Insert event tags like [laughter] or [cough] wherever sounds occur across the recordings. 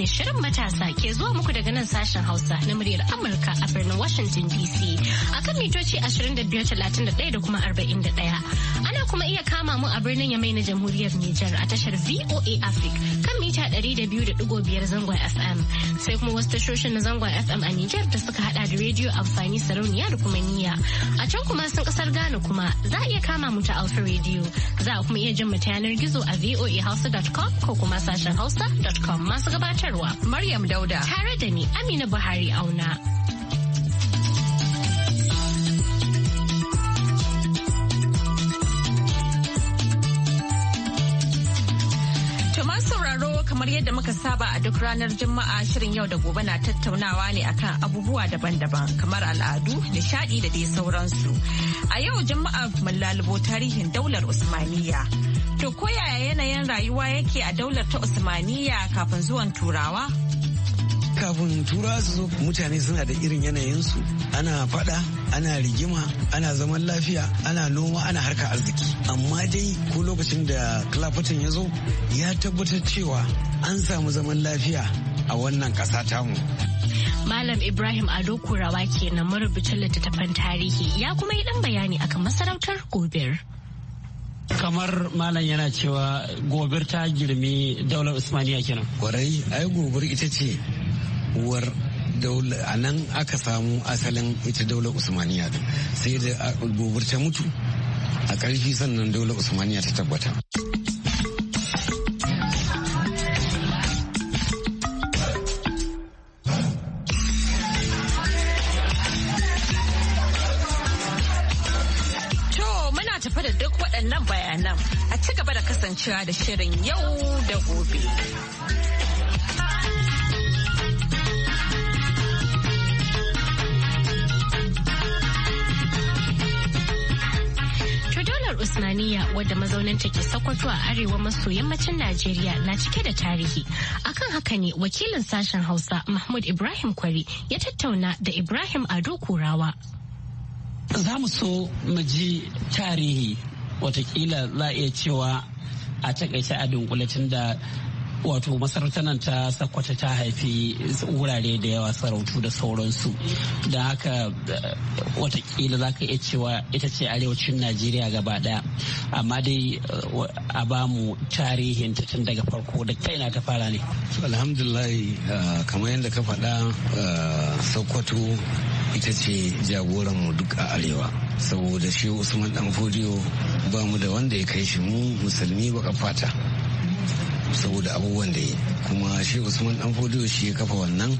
ne shirin matasa ke zuwa muku daga nan sashen Hausa na muryar Amurka a birnin Washington DC akan mitoci 2531 da kuma 41. Ana kuma iya kama mu a birnin Yamai na Jamhuriyar Nijar a tashar VOA Africa mita 200.5 zangon FM sai kuma wasu tashoshin na zangon FM a Nijar da suka hada da rediyo amfani sarauniya da kuma niyya. A can kuma sun kasar Ghana kuma za a iya kama mu ta Alfa Radio za a kuma iya jin mu ta yanar gizo a voahausa.com ko kuma sashen hausa.com masu gabatarwa. Maryam Dauda. Tare da ni Amina Buhari Auna. yadda muka saba a duk ranar Juma'a shirin yau da gobe na tattaunawa ne akan abubuwa daban-daban kamar al'adu, nishadi da dai sauransu. A yau Juma'a mun lalubo tarihin daular Usmaniya To koyaya yanayin rayuwa yake a daular ta usmaniya kafin zuwan Turawa? kafin tura su zo mutane suna da irin yanayin su ana fada ana rigima ana zaman lafiya ana noma ana harka arziki amma dai ko lokacin da clapperton ya zo ya tabbatar cewa an samu zaman lafiya a wannan kasa tamu Malam Ibrahim Ado Kurawa kenan marubucin littattafan tarihi ya kuma yi dan bayani akan masarautar Gobir. kamar malam yana cewa gobir ta girmi daular usmaniya kenan kwarai ai gobir ita ce uwar a nan aka samu asalin ita daular usmaniya sai da gobar ta mutu a ƙarfi sannan daular usmaniya ta tabbata tafi da duk waɗannan bayanan a ci da kasancewa da shirin yau da gobe. Usmaniya wadda mazauninta ke Sokoto a arewa maso yammacin Najeriya na cike da tarihi. Akan haka ne wakilin sashen Hausa Mahmud Ibrahim Kwari ya tattauna da Ibrahim Ado Kurawa. Za mu so mu ji tarihi watakila za a iya cewa a takaice a dunkule da wato masarautar nan ta sakwata ta haifi wurare da yawa sarautu da sauransu da haka eh, watakila za ka iya cewa ita ce arewacin najeriya gaba daya amma dai eh, a bamu tarihin ta tun daga farko da kaina na ta fara ne alhamdulillah eh, kamar yadda ka faɗa sokoto ita ce mu duk a arewa saboda shi usman dan fodiyo ba mu da wanda ya kai shi mu musulmi baka fata saboda abubuwan da yi kuma shi usman dan fodiyo shi ya kafa wannan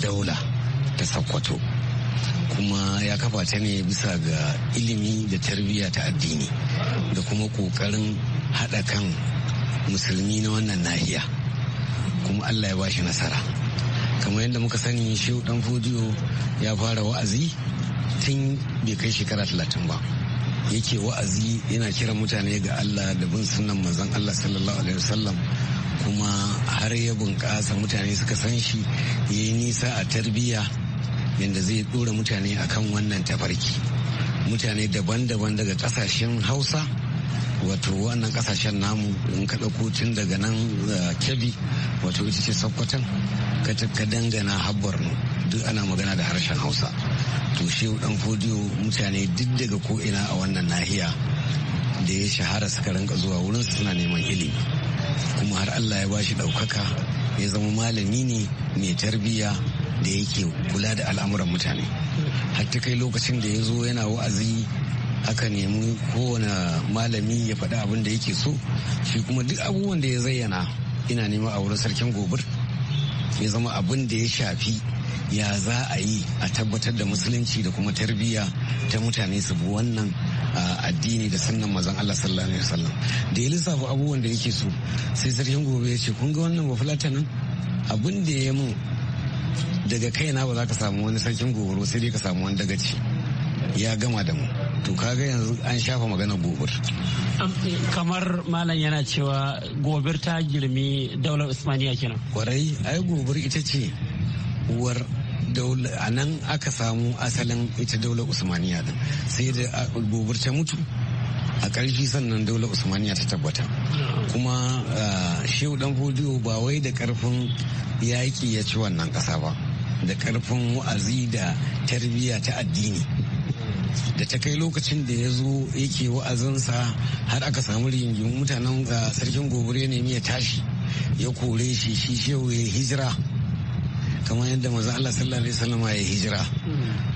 daula ta sakkwato kuma ya kafa ta ne bisa ga ilimi da tarbiyya ta addini da kuma kokarin haɗa kan musulmi na wannan nahiya kuma allah ya ba shi nasara kamar yadda muka sani shi dan fodiyo ya fara wa'azi tun bai kai shekara talatin ba yake wa'azi yana kiran mutane ga Allah da bin sunan manzon Allah sallallahu alaihi wasallam kuma har ya bunƙasa mutane suka san shi ya yi nisa a tarbiyya yadda zai dora mutane akan wannan tafarki mutane daban-daban daga ƙasashen hausa wato wannan ƙasashen namu in ka ɗauko tun daga nan eh, kebbi wato ita ce sokoton ka dangana habbar duk ana magana da harshen hausa to shi dan fodiyo mutane duk daga ko'ina a wannan nahiya da ya shahara suka rinka zuwa wurin suna neman ilimi kuma har allah ya bashi daukaka ya zama malami ne mai tarbiyya da yake kula da al'amuran mutane har ta kai lokacin da ya zo yana wa'azi aka nemi kowane malami ya faɗi abin da yake so shi kuma duk abubuwan da ya zayyana ina nema a wurin sarkin gobir ya zama abin da ya shafi ya za a yi a tabbatar da musulunci da kuma tarbiyya ta mutane su bi wannan addini da sannan mazan Allah sallallahu alaihi wasallam da ya lissafa abubuwan da yake so sai sarkin gobe ya ce kun ga wannan bafulata nan abin da ya mun daga kaina ba za ka samu wani sarkin gobe sai dai ka samu wani dagaci ya gama da mu to kaga yanzu an shafa magana gobir kamar malam yana cewa gobir ta girmi daular usmaniya kenan kwarai ai gobir ita ce uwar a nan aka samu asalin ita daular usmaniya din sai da gobir ta mutu a ƙarfi sannan daular usmaniya ta tabbata kuma shehu dan fodiyo ba wai da ƙarfin yaƙi ya ci wannan ƙasa ba da ƙarfin wa'azi da tarbiyya ta addini da ta kai lokacin da ya zo yake wa'azinsa har aka samu rigingimu mutanen ah, sarkin gobure ne ya tashi ya kore shi shi shehu ya hijira kamar yadda maza Allah sallallahu alaihi wasallam ya hijira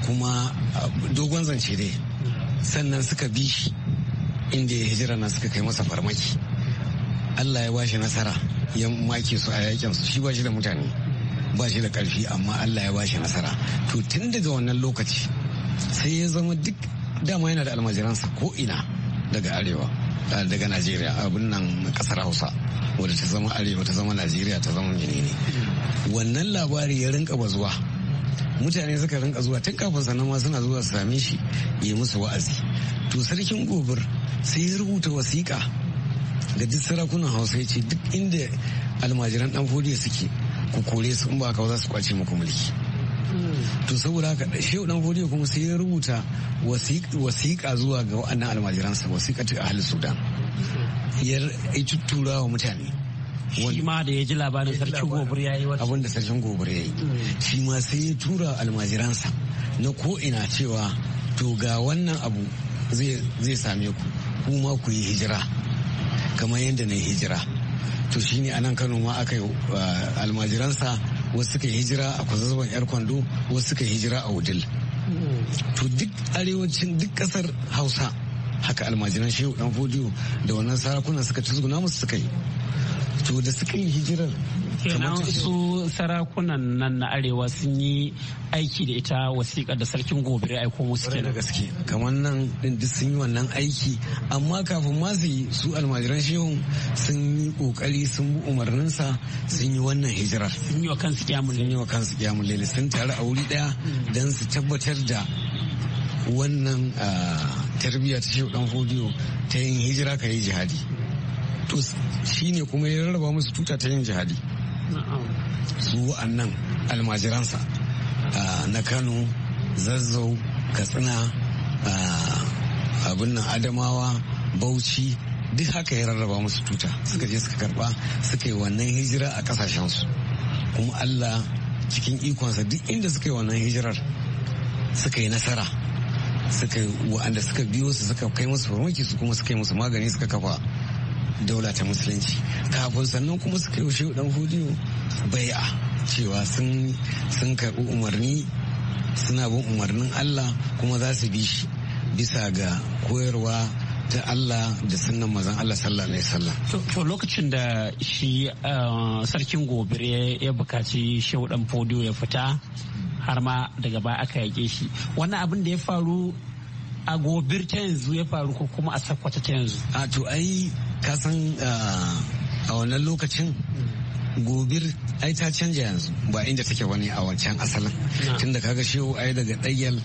kuma ah, dogon zance dai sannan suka bi shi inda ya hijira na suka kai masa farmaki Allah ya washe nasara ya make su a yakin su shi bashi da mutane ba shi da karfi amma Allah ya washe nasara to tun daga wannan lokaci sai ya zama duk dama yana da almajiransa ko ina daga arewa daga najeriya abin nan kasar hausa wadda ta zama arewa ta zama najeriya ta zama menene wannan labari ya rinka bazuwa mutane suka rinka zuwa tun kafin sannan ma suna zuwa su same shi ya yi musu wa'azi to sarkin gobir sai ya rubuta wasiƙa ga duk sarakunan hausa ya ce duk inda almajiran dan fodiyo suke ku kore su in ba ka za su kwace muku mulki to saboda haka shehu dan fodiyo kuma sai ya rubuta wasiƙa zuwa ga wa'annan almajiransa wasiƙa ta ahli sudan ya tuttura wa mutane shi ma da ya ji labarin sarkin gobir ya yi abin da sarkin gobir ya yi shi ma sai ya tura almajiransa na ko ina cewa to ga wannan abu zai same ku kuma ku yi hijira kamar yadda na yi hijira to shine a nan kano ma aka yi ah, almajiransa wasu suka hijira a kwazazzaban yar kwando wasu suka hijira a wudil to duk arewacin duk kasar hausa haka almajiran shehu dan fodiyo da wannan sarakuna suka tuzguna musu suka yi to da suka yi hijirar kenan su sarakunan nan na arewa sun yi aiki da ita wasiƙa da sarkin gobe ya aiko musu kenan gaske kamar nan din duk sun yi wannan aiki amma kafin ma su yi su almajiran shehun sun yi kokari sun bi umarninsa sun yi wannan hijirar sun yi wa kansu kyamun sun yi wa kansu kyamun lele sun taru a wuri daya don su tabbatar da wannan tarbiyya ta shehu dan fodiyo ta yin hijira ka yi jihadi to shine kuma ya rarraba musu tuta ta yin jihadi su wa'annan almajiransa na kano zazzau katsina abin nan adamawa bauchi duk haka ya rarraba musu tuta suka je suka karba suka yi wannan hijira a kasashensu kuma allah cikin ikonsa duk inda suka yi wannan hijirar suka yi nasara suka wa'anda suka biyo su suka kai musu farmaki su kuma suka yi musu magani suka kafa daula ta musulunci kafin sannan kuma suka yi shehu dan hudiyo a cewa sun karɓi umarni suna bin umarnin allah kuma za su bi shi bisa ga koyarwa ta Allah da sunan mazan Allah sallallahu alaihi wasallam. To lokacin da shi uh, sarkin gobir ya bukaci shehu dan fodiyo ya fita har ma daga baya aka yake shi. wani abin da ya faru a gobir ta yanzu ya faru ko kuma a sakwata ta yanzu. A to ai kasan eh, a wannan lokacin gobir ai ta canja yanzu ba inda take wani a wancan asalin tun da kaga shehu ai daga ɗagyal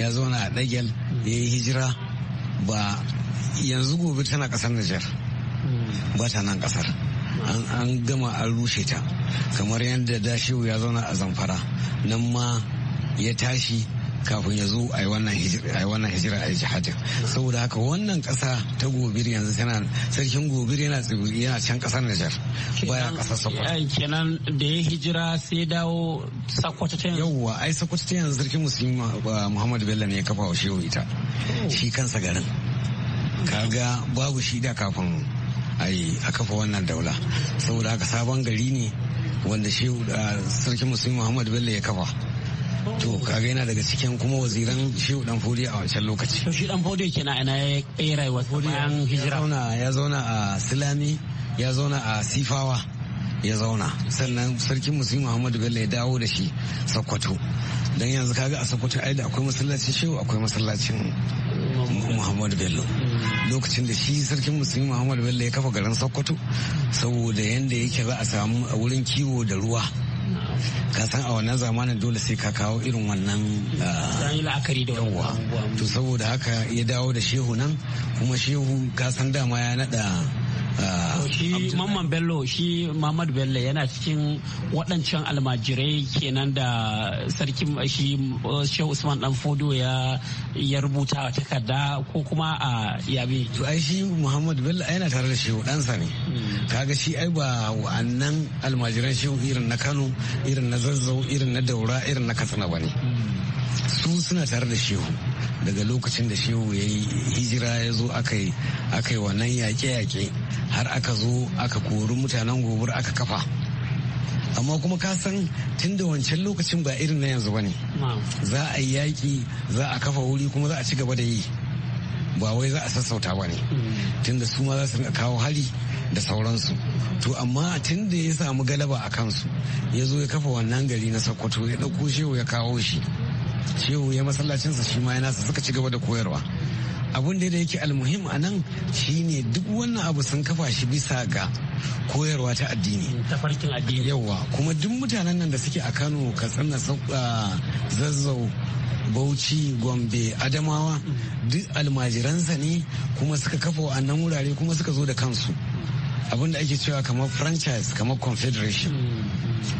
ya zauna a ɗagyal ya yi hijira ba yanzu gobir tana ƙasar Nijar hmm. ba ta nan ƙasar an gama an rushe ta kamar yadda da shehu ya zauna a zamfara nan ma ya tashi kafin ya zo a yi wannan hijira a yi hajjin saboda haka wannan kasa ta gobir yanzu tana sarkin gobir yana yana can kasar Nijar baya kasar Sokoto kenan da ya hijira sai dawo Sokoto ta yanzu yawwa ai Sokoto ta yanzu sarkin musulmi uh, Muhammadu Bello ne ya kafa wa shehu ita oh. shi kansa garin kaga babu shi da kafin ai a kafa wannan daula saboda haka sabon gari ne wanda shehu uh, sarkin musulmi Muhammadu Bello ya kafa to kaga yana daga cikin kuma waziran shehu dan fodi a wancan lokaci to shi dan fodi kenan ina ya rayuwa. rayuwar bayan hijira ya zauna a silami ya zauna a sifawa ya zauna sannan sarkin musulmi muhammadu bello ya dawo da shi sokoto don yanzu kaga a sokoto ai da akwai masallacin shehu akwai masallacin muhammadu bello lokacin da shi sarkin musulmi muhammadu bello ya kafa garin sokoto saboda yanda yake za a samu a wurin kiwo da ruwa kasan a wannan zamanin dole sai ka kawo irin wannan ah, la'akari da yawa to saboda haka ya dawo da shehu nan kuma shehu kasan dama ya nada shi mamman bello shi mamad bello yana cikin waɗancan almajirai kenan da sarki shi uh, shi usman dan fodo ya rubuta a takarda ko kuma a yabe to ai shi muhammad bello yana tare da shehu ɗansa ne hmm. kaga shi ai ba wa'annan almajiran shehu irin na kano irin na zazzau irin na daura irin na katsina ba ne hmm. su suna tare da shehu daga lokacin da shehu ya yi hijira ya zo aka yi wannan yaƙe-yaƙe har aka zo aka kori mutanen gobir aka kafa amma kuma ka san tun da wancan lokacin ba irin na yanzu ba ne za a yi yaƙi za a kafa wuri kuma za a ci gaba da yi ba wai za a sassauta ba ne mm. tun da su ma za su kawo hali da sauransu to amma tun da ya samu galaba a kansu ya zo ya kafa wannan gari na sokoto ya ɗauko shehu ya kawo shi shehu ya masallacinsa shi ma ya nasa suka ci gaba da koyarwa abun da yake almuhim a nan shine duk wannan abu sun kafa shi bisa ga koyarwa ta addini tafarkin addini yawa kuma duk mutanen nan da suke a kano katsina zazzau bauchi gombe adamawa duk almajiransa ne kuma suka kafa nan wurare kuma suka zo da kansu abinda ake cewa kamar franchise kamar confederation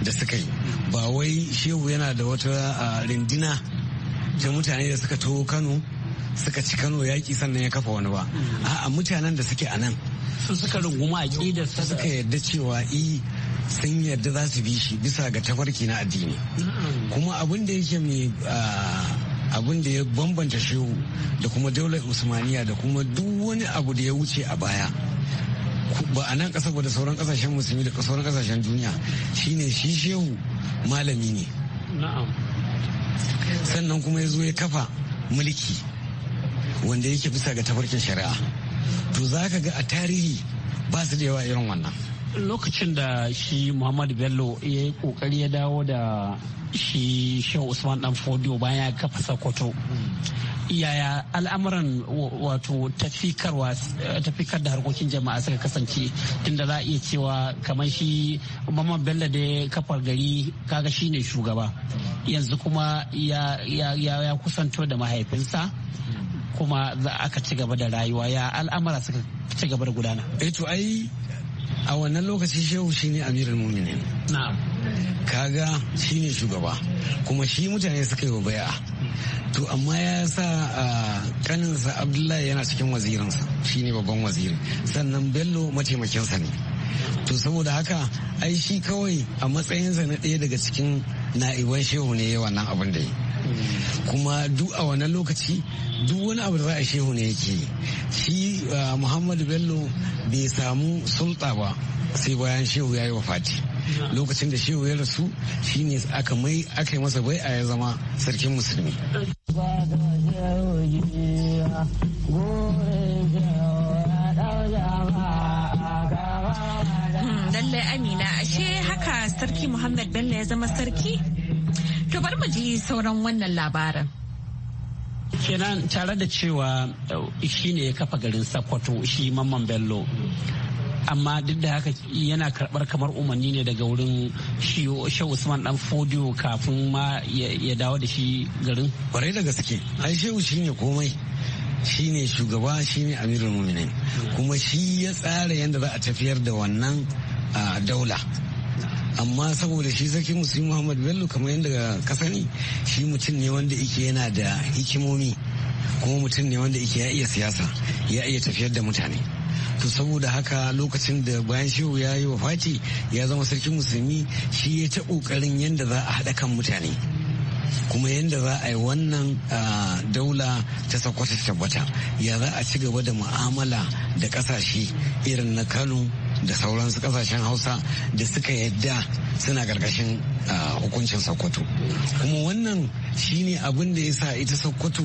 da suka yi ba wai shehu yana da wata rindina ta mutane da suka taho kano suka ci Kano yaƙi sannan ya kafa wani ba a'a mutanen da suke a nan su suka runguma aƙidar su suka yarda cewa i eh, sun yarda za su bi shi bisa ga tafarki na addini kuma abin da yake mai abin da ya bambanta shehu da kuma daular usmaniya da kuma duk wani abu da ya wuce a baya ba a nan kasa ba da sauran kasashen musulmi da sauran kasashen duniya shine shi shehu malami ne sannan kuma ya zo ya kafa mulki wanda yake bisa ga tafarkin shari'a to za ka ga a tarihi ba su da yawa irin wannan lokacin da shi muhammadu bello ya yi kokari ya dawo da shi shehu usman dan fodio bayan ya kafa sokoto yaya al'amuran wato tafikar da harkokin jama'a suka kasance tunda za a iya cewa kamar shi mamman bello da ya kafar gari kaga shine shugaba yanzu kuma ya kusanto da mahaifinsa kuma za aka ci gaba da rayuwa ya al'amura suka ci gaba da gudana eh to ai a wannan lokaci shehu shine amirul mu'minin na'am kaga shine shugaba kuma shi mutane suka yi wa to amma ya sa kaninsa abdullahi yana cikin wazirinsa shine babban waziri sannan bello mataimakinsa ne to saboda haka ai shi kawai a matsayinsa na ɗaya daga cikin na'iban shehu ne wannan abin da yi kuma duk a wannan lokaci duk wani abu da za a shehu ne yake shi uh, muhammadu bello bai samu sulta ba sai bayan shehu ya yi wa fati lokacin da shehu ya rasu shine aka mai aka yi masa a ya zama sarkin musulmi hmm, lallai amina ashe haka sarki muhammad bello ya zama sarki To bari mu ji sauran wannan labarin. kenan tare da cewa eh, shi ne ya kafa garin Sokoto shi Mamman Bello. amma duk da haka yana karbar kamar umarni ne daga wurin shi usman dan fodiyo kafin ma ya dawo da shi garin kwarai da gaske ai shehu shi ne komai shi ne shugaba shi ne amirul muminin kuma shi ya tsara yadda za a tafiyar da wannan ah, daula amma saboda shi zaki musulmi muhammad bello kamar yadda ka sani shi mutum ne wanda yake yana da hikimomi kuma mutum ne wanda yake ya iya siyasa ya iya tafiyar da mutane to saboda haka lokacin da bayan shehu ya yi wa fati ya zama sarkin musulmi shi ya ta kokarin yadda za a haɗa kan mutane kuma yadda za a yi wannan daula ta sakwata tabbata ya za a ci gaba da mu'amala da ƙasashe irin na kano da sauransu kasashen hausa da suka yadda suna karkashin hukuncin sokoto kuma wannan shine abin da ya sa ita sokoto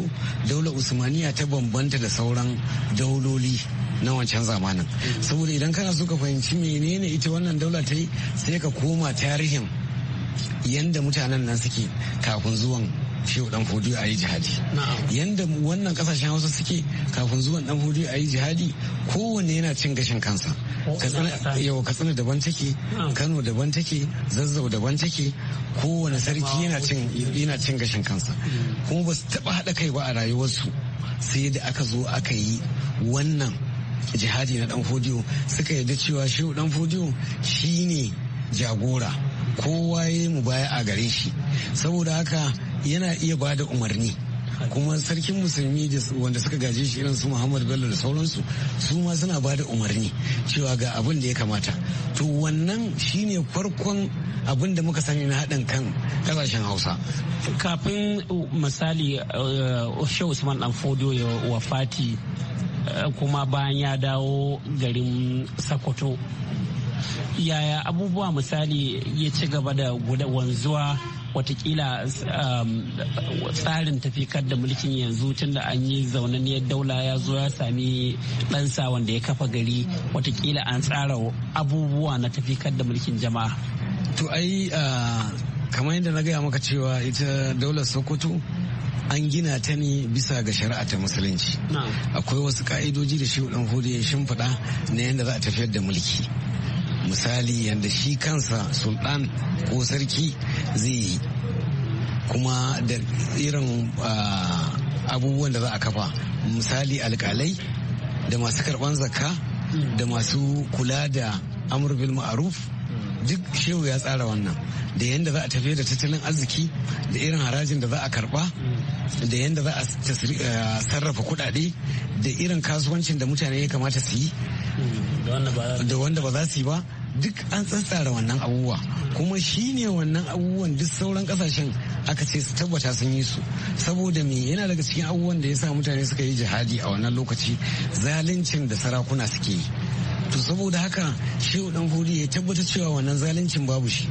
daular usmaniya ta bambanta da sauran dauloli na wancan zamanin saboda idan kana so ka fahimci menene ita wannan daula ta yi sai ka koma tarihin yadda mutanen nan suke kafin zuwan shehu dan ayi a yi jihadi yanda wannan kasashen hausa suke kafin zuwan dan ayi a yi jihadi kowanne yana cin gashin kansa katsina daban take kano daban take zazzau daban take kowane sarki yana cin gashin kansa mm. kuma ba su taba haɗa kai ba a rayuwarsu sai da aka zo aka yi wannan jihadi na dan suka yarda cewa shehu dan fodiyo shine jagora kowa ya yi mu baya a gare shi saboda haka yana iya ba da umarni kuma sarkin musulmi wanda suka gaje shi irin su muhammad bello da sauransu su ma suna ba da umarni cewa ga abin da ya kamata to wannan shine farkon abin da muka sani na haɗin kan kasashen hausa kafin uh, misali uh, uh, shehu usman dan fodo ya wafati kuma bayan ya dawo garin sokoto yaya abubuwa misali ya ci gaba da wanzuwa watakila um, tsarin tafikar da mulkin yanzu tun da an yi zaunaniyar daula ya zo ya sami ɗansa wanda ya kafa gari watakila an tsara abubuwa na tafikar da mulkin jama'a to ai kamar yadda na gaya maka cewa ita daular sokoto an gina ta ne bisa ga shari'a ta musulunci akwai wasu ka'idoji da shi dan hudu ya shimfiɗa na yadda za a tafiyar da mulki misali yadda shi kansa sultan ko sarki zai yi kuma da irin abubuwan da za a kafa misali alkalai da masu karban zakka da masu kula da amur ma'aruf duk shehu ya tsara wannan da yadda za a tafiye da tattalin arziki da irin harajin da za a karba da yadda za a eh, sarrafa kuɗaɗe da irin kasuwancin da mutane ya kamata su yi da wanda ba za su yi ba duk an tsatsara wannan abubuwa kuma shi ne wannan abubuwan duk sauran kasashen aka ce su tabbata sun yi su saboda me yana daga cikin abubuwan da ya sa mutane suka yi jihadi a wannan lokaci zaluncin da sarakuna suke yi to saboda haka shehu dan hudu ya tabbata cewa wannan zaluncin babu shi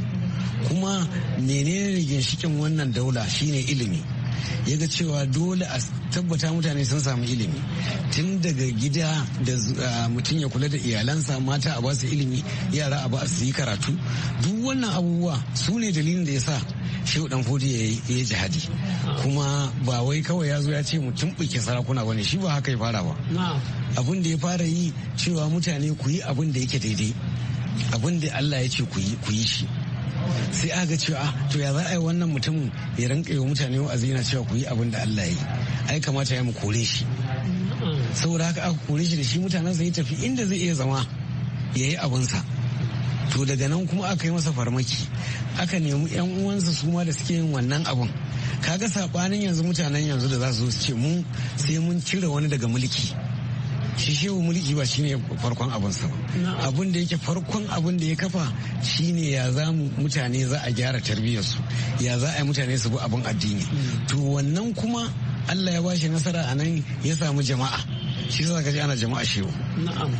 kuma menene ginshikin wannan daula shine ilimi ya ga cewa dole a tabbata mutane sun samu ilimi tun daga gida da mutum ya kula da iyalansa mata a basu ilimi yara a ba su yi karatu duk wannan abubuwa su ne dalilin da ya sa shehu dan fodi ya yi jihadi kuma ba wai kawai ya zo ya ce mutum ɓuke sarakuna ne shi ba haka ya fara ba abin da ya fara yi cewa mutane ku yi abin da yake daidai abin da allah ya ce ku yi shi sai a ga cewa ah, to ya za a yi wannan mutumin ya rinka yi mutane wa'azi yana cewa ku yi abin da Allah ya yi ai kamata ya mu kore shi saboda haka aka kore shi da shi mutanen sai ya tafi inda zai iya zama ya yi abinsa to daga nan kuma aka yi masa farmaki aka nemi yan uwansa su ma da suke yin wannan abin kaga sabanin yanzu mutanen yanzu da za su ce mu sai mun cire wani daga mulki shi shehu mulki ba shine farkon abin sa abin da yake farkon abin da ya kafa shine ya za mutane za a gyara tarbiyyarsu ya za a yi mutane su bi abin addini mm. to wannan kuma Allah ya bashi nasara a nan ya samu jama'a shi za ka ji ana jama'a shehu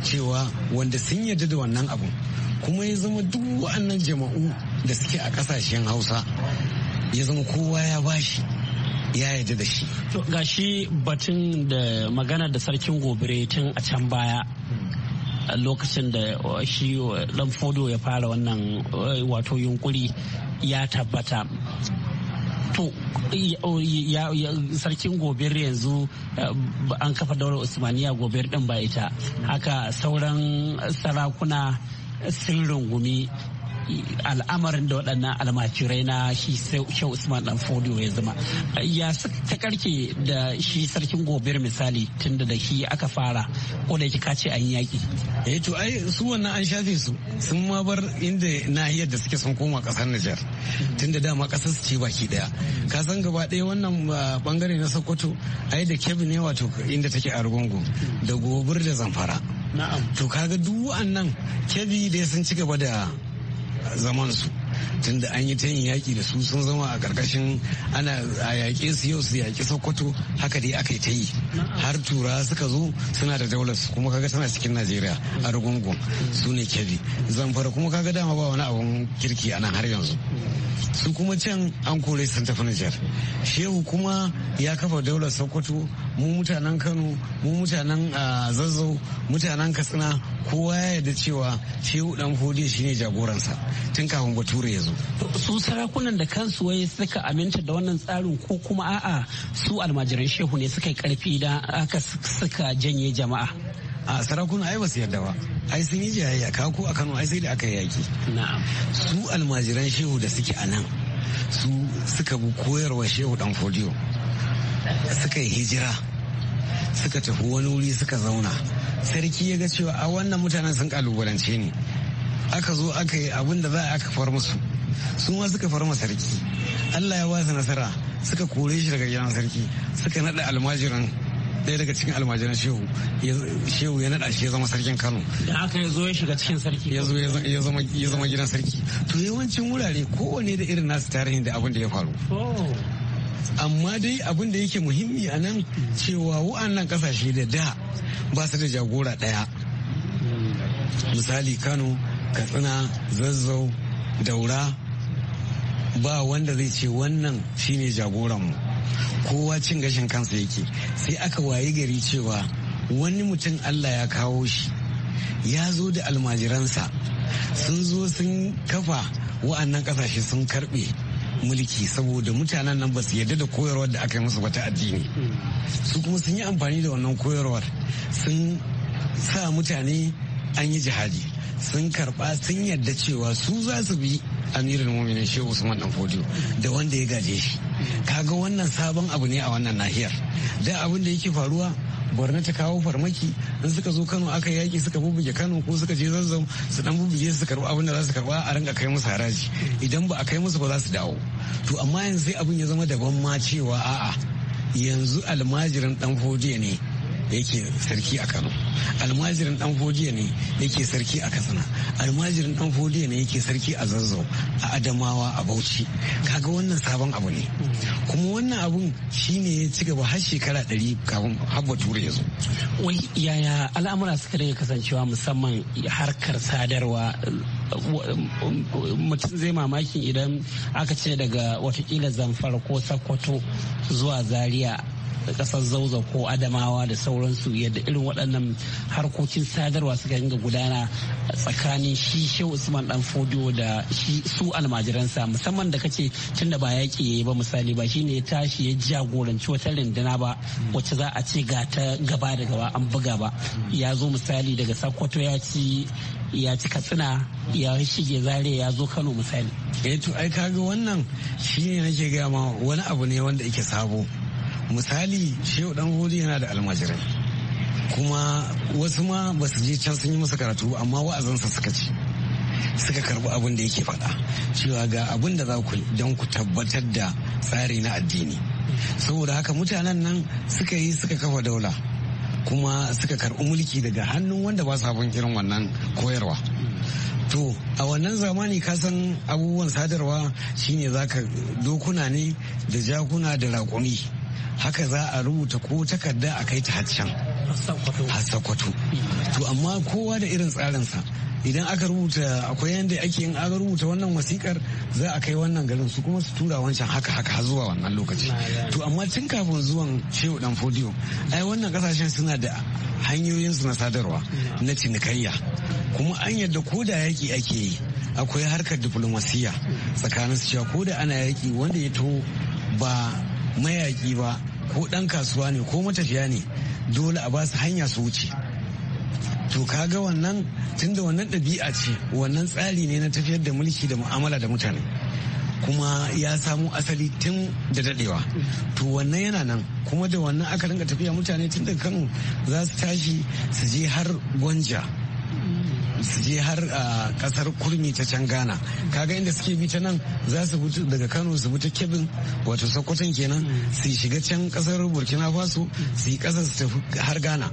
cewa wanda sun yarda da wannan abun kuma ya zama duk wa'annan jama'u da suke a kasashen hausa ya zama kowa ya bashi ya yarda da shi to shi batun da magana da sarkin gobire tun a can baya lokacin da uh, shi uh, dan fodo ya fara wannan uh, wato yunkuri ya tabbata sarkin gobir yanzu an kafa daular usmaniya gobir din ba ita haka sauran sarakuna sun rungumi al'amarin da waɗannan almacirai na shi shau usman dan fodiyo ya zama ya ta karke da shi sarkin gobir misali tunda da shi aka fara ko da yake ka ce an yaki eh to ai su wannan an shafe su sun ma bar inda nahiyar da suke sun koma kasar Nijar tunda dama kasar su ce baki daya ka san gaba ɗaya wannan bangare ah, na Sokoto ai da kebi ne wato inda take Argungu da gobir da Zamfara Na'am. To kaga duk wannan kebi da sun ci gaba da zaman tunda an yi ta yin yaƙi da su sun zama a ƙarƙashin ana a yaƙe su yau su yaƙi sokoto haka dai aka yi ta yi har tura suka zo suna da daular su kuma kaga tana cikin najeriya a rugungu su ne zamfara kuma kaga dama ba wani abun kirki a nan har yanzu su kuma can an kore sun tafi Nijar. Shehu kuma ya kafa daular Sokoto mu mutanen Kano mu mutanen Zazzau mutanen Katsina kowa ya yarda cewa Shehu dan hode shine jagoransa tun kafin Bature ya Su sarakunan da kansu wai suka aminta da wannan tsarin ko kuma a'a su almajiran shehu ne suka yi karfi da aka suka janye jama'a. a sarakuna ai ba su yarda ba ai sun yi jayayya ko a kano ai sai da aka yaki na'am su almajiran shehu da suke a nan su suka bi koyarwa shehu dan fodiyo suka yi hijira suka tafi wani wuri suka zauna sarki ya ga cewa a wannan mutanen sun kalubalance ne aka zo aka yi abin da za a aka far musu su ma suka far sarki Allah ya wasu nasara suka kore shi daga gidan sarki suka nada almajiran ɗaya daga cikin almajiran shehu shehu ya nada shi ya zama sarkin Kano da aka yi zo ya shiga cikin sarki ya zo ya zama ya zama gidan sarki to yawancin wurare kowanne da irin nasu tarihin da abin da ya faru oh. amma dai abin da yake muhimmi a nan cewa wa'annan kasashe da da ba su da jagora ɗaya misali Kano katsina zazzau daura ba wanda zai ce wannan shine jagoran mu kowa cin gashin kansa yake sai aka wayi gari cewa wani mutum allah ya kawo shi ya zo da almajiransa sun zo sun kafa wa'annan kasashe sun karbe mulki saboda mutanen nan ba su yarda da koyarwar da aka yi musu wata addini su kuma sun yi amfani da wannan koyarwar sun sa mutane an yi jihadi sun karba sun yarda cewa su za su bi amirin muminin shehu usman dan fodiyo da wanda ya gaje shi kaga wannan sabon abu ne a wannan nahiyar da abin da yake faruwa borno ta kawo farmaki in suka zo kano aka yaki suka bubuge kano ko suka je zanzan su dan bubuge su karba abin da za su karba a ranka kai musu haraji idan ba a kai musu ba za su dawo to amma yanzu sai abin ya zama daban ma cewa a'a yanzu almajirin dan fodiyo ne da yake sarki a kano almajirin dan fodiya ne yake sarki a katsina almajirin dan fodiya ne yake sarki a zazzau a adamawa a bauchi kaga wannan sabon abu ne kuma wannan abun shine ya ci gaba har shekara ɗari kafin habba tura ya zo wai yaya al'amura suka rage kasancewa musamman harkar sadarwa mutum zai mamakin idan aka ce daga watakila zamfara ko sokoto zuwa zaria kasar zauza ko adamawa da sauransu yadda irin waɗannan harkokin sadarwa suka yin gudana tsakanin shi shehu usman dan fodio da shi su almajiransa musamman da kace tun da ba yaƙi ya yi ba misali ba shine ya tashi ya jagoranci wata rinduna ba wacce za a ce ga ta gaba da gaba an buga ba ya zo misali daga sakkwato ya ci ya ci katsina ya shige zare ya zo kano misali eh to ai kaga wannan shine nake gaya ma wani abu ne wanda yake sabo misali shehu dan hodi yana da almajirai kuma wasu ma ba su je can sun yi masa karatu amma wa'azansa suka ci suka karbi abin da yake faɗa cewa ga abin da za ku don ku tabbatar da tsari na addini saboda haka mutanen nan suka yi suka kafa daula kuma suka karbi mulki daga hannun wanda ba su abin irin wannan koyarwa to a wannan zamani kasan abubuwan sadarwa shine zaka dokuna ne da jakuna da raƙumi haka za a rubuta ko takarda a kai ta haccan hassakwato to amma kowa da irin tsarinsa idan aka rubuta akwai yadda ake yin aka rubuta wannan wasikar za a kai wannan garin su kuma su tura wancan haka haka zuwa wannan lokaci to amma tun kafin zuwan shehu dan fodiyo ai wannan kasashen suna da hanyoyin su na sadarwa na cinikayya kuma an yadda ko da yaki ake yi akwai harkar diplomasiya tsakanin su cewa ko da ana yaki wanda ya to ba mayaƙi ba ko ɗan kasuwa ne ko matafiya ne dole a basu hanya su wuce to kaga wannan tunda wannan ɗabi'a ce wannan tsari ne na tafiyar da mulki da mu'amala da mutane kuma ya samu asali tun da dadewa to wannan yana nan kuma da wannan aka rinka tafiya mutane tun daga kano za su tashi su je har gwanja su je har a kasar kurmi ta can ghana kaga inda suke bi ta nan za su wuce daga kano su bi kebin wato sokoton kenan su shiga can kasar burkina faso su yi kasar su tafi har gana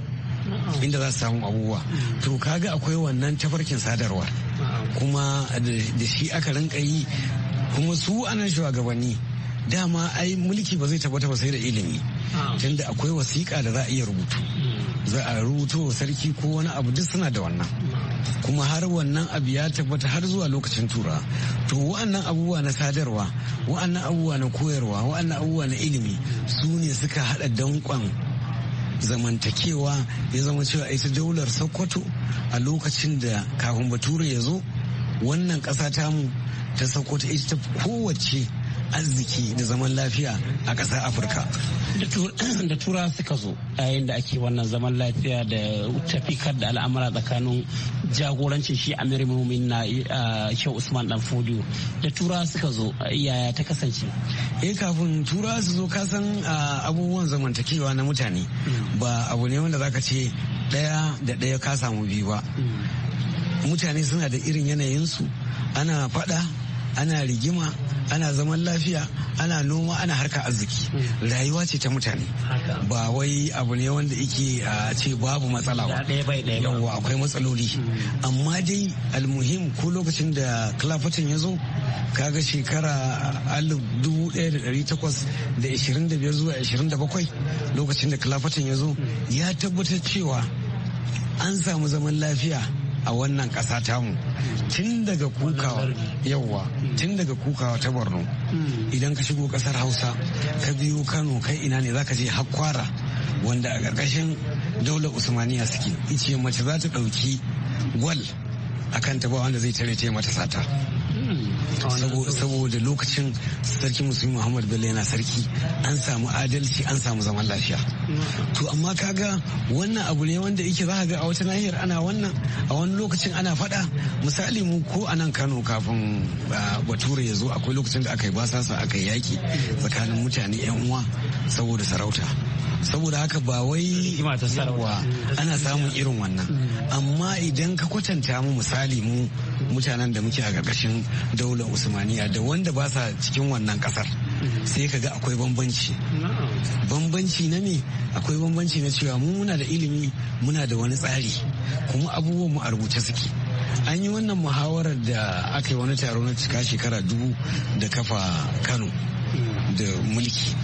inda za su samu abubuwa to kaga akwai wannan tafarkin sadarwar kuma da shi aka rinka yi kuma su anan shugabanni dama ai mulki ba zai tabbata ba sai da ilimi tunda akwai wasiƙa da za a iya rubutu za a rubuto sarki ko wani abu duk suna da wannan kuma har wannan abu ya tabbata har zuwa lokacin tura to wa'annan abubuwa na sadarwa wa'annan abubuwa na koyarwa wa'annan abubuwa na ilimi su ne suka haɗa dankon zamantakewa ya zama cewa ita daular sokoto a lokacin da kafin bature ya zo wannan ƙasa tamu ta sokoto ita ta kowace arziki da zaman lafiya a ƙasar afirka [clears throat] da tura suka zo yayin da ake wannan zaman lafiya da tafikar da al'amura tsakanin jagorancin shi amir mumin na shehu usman dan fodiyo da tura suka zo yaya ta kasance eh kafin tura su zo kasan abubuwan zamantakewa na mutane mm. ba abu ne wanda ka ce daya da daya ka samu biyu ba mm. mutane suna da irin yanayinsu ana faɗa ana rigima ana zaman lafiya ana noma ana harka arziki hmm. rayuwa ce ta mutane ba wai abu ne wanda ike a ce babu matsala ba yawa akwai matsaloli hmm. amma dai almuhim ko lokacin da klafatin ya zo kaga shekara alif dubu da zuwa ishirin lokacin da klafatin ya zo hmm. ya tabbatar cewa an samu zaman lafiya a wannan ƙasa tamu tun daga kukawa yawwa tun daga kukawa ta borno idan ka shigo ƙasar hausa ka biyo kano kai ina ne zaka je hakwara wanda a ƙarƙashin daular usmaniya suke ice mace za ta ɗauki gwal akan ta ba wanda zai tare ta mata sata saboda lokacin sarki musulmi muhammad bello yana sarki an samu adalci an samu zaman lafiya to amma kaga wannan abu ne wanda yake za ga a wata nahiyar ana wannan a wani lokacin ana fada misali mu ko a nan kano kafin bature ya zo akwai lokacin da aka yi basasa aka yi yaki tsakanin mutane yan uwa saboda sarauta saboda haka ba wai ana samun irin wannan amma idan ka kwatanta mu misali misali mu mutanen da muke a ƙarƙashin daular usmaniya da wanda ba sa cikin wannan kasar sai ka ga akwai bambanci bambanci na me akwai bambanci na cewa mu muna da ilimi muna da wani tsari kuma abubuwan mu a rubuce suke an yi wannan muhawarar da aka yi wani taro na cika shekara dubu da kafa kano da mulki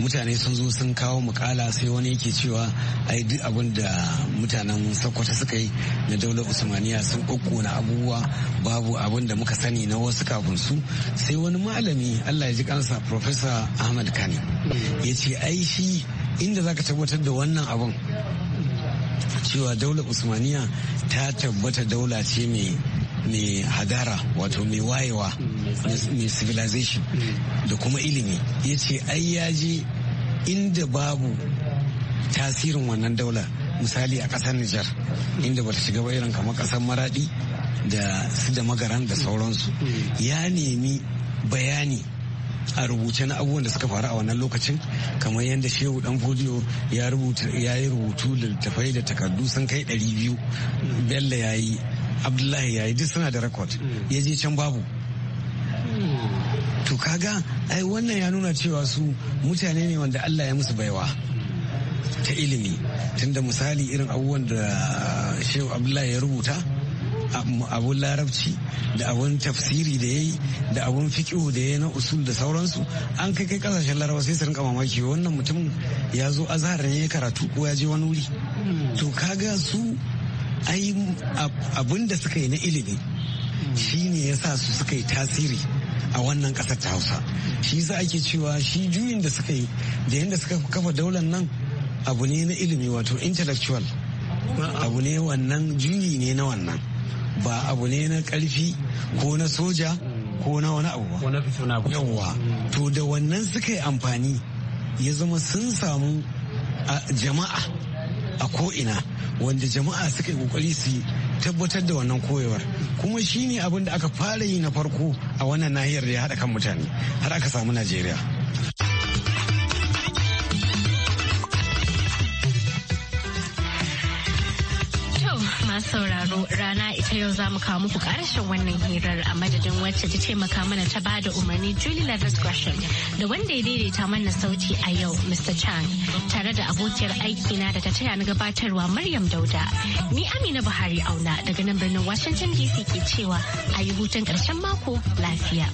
mutane sun zo sun kawo mukala sai wani yake cewa ai duk abin da mutanen sokoto suka yi na daular usmaniya sun kokkona abubuwa babu abin da muka sani na wasu kafin su sai wani malami allah ya ji kansa professor ahmad kani ya ce ai shi inda zaka tabbatar da wannan abin cewa daular usmaniya ta tabbata daula ce mai mai hadara wato mai wayewa mai civilization da kuma ilimi ya ce ai ya inda babu tasirin wannan daular misali a ƙasar Nijar inda bata shiga ba irin kamar ƙasar Maradi da su da magaran da sauransu ya nemi bayani a rubuce na abubuwan da suka faru a wannan lokacin kamar yadda shehu dan fodiyo ya yi rubutu da tafai da takardu sun kai 200 bello ya yi abdullahi yayi duk suna da rikod. Hmm. ya je can babu hmm. to kaga ai wannan ya nuna cewa su mutane ne wanda allah ya musu baiwa ta ilimi tunda misali irin abubuwan da shehu abdullahi ya rubuta abun larabci da abun tafsiri da ya yi da abun Fiƙo da ya yi na usul da sauransu an kai kai kasashen laraba sai su rinka mamaki wannan mutum ya zo a zahar ne ya karatu ko ya je wani wuri hmm. to kaga su ai abun da suka yi na ilimi shine ya sa su suka yi tasiri a wannan kasar ta hausa shi za ake cewa shi juyin da suka yi da yadda suka kafa daular nan abu ne na ilimi wato intellectual abu ne wannan juyi ne na wannan ba abu ne na karfi ko na soja ko na wani abu ba yawwa to da wannan suka yi amfani ya zama sun samu jama'a a ko'ina wanda jama'a suka yi kokari su tabbatar da wannan koyewar kuma shine abin da aka fara yi na farko a wannan nahiyar da ya haɗa kan mutane har aka samu najeriya sauraro rana ita yau za mu kawo muku karshen wannan hirar a madadin wacce ta taimaka mana ta ba da umarni Julie Leathers Gresham da wanda ya daidaita mana sauti a yau Mr. Chang tare da abokiyar aiki na da ta taya na gabatarwa Maryam Dauda. Ni Amina Buhari Auna daga nan birnin Washington DC ke cewa a yi hutun ƙarshen mako lafiya.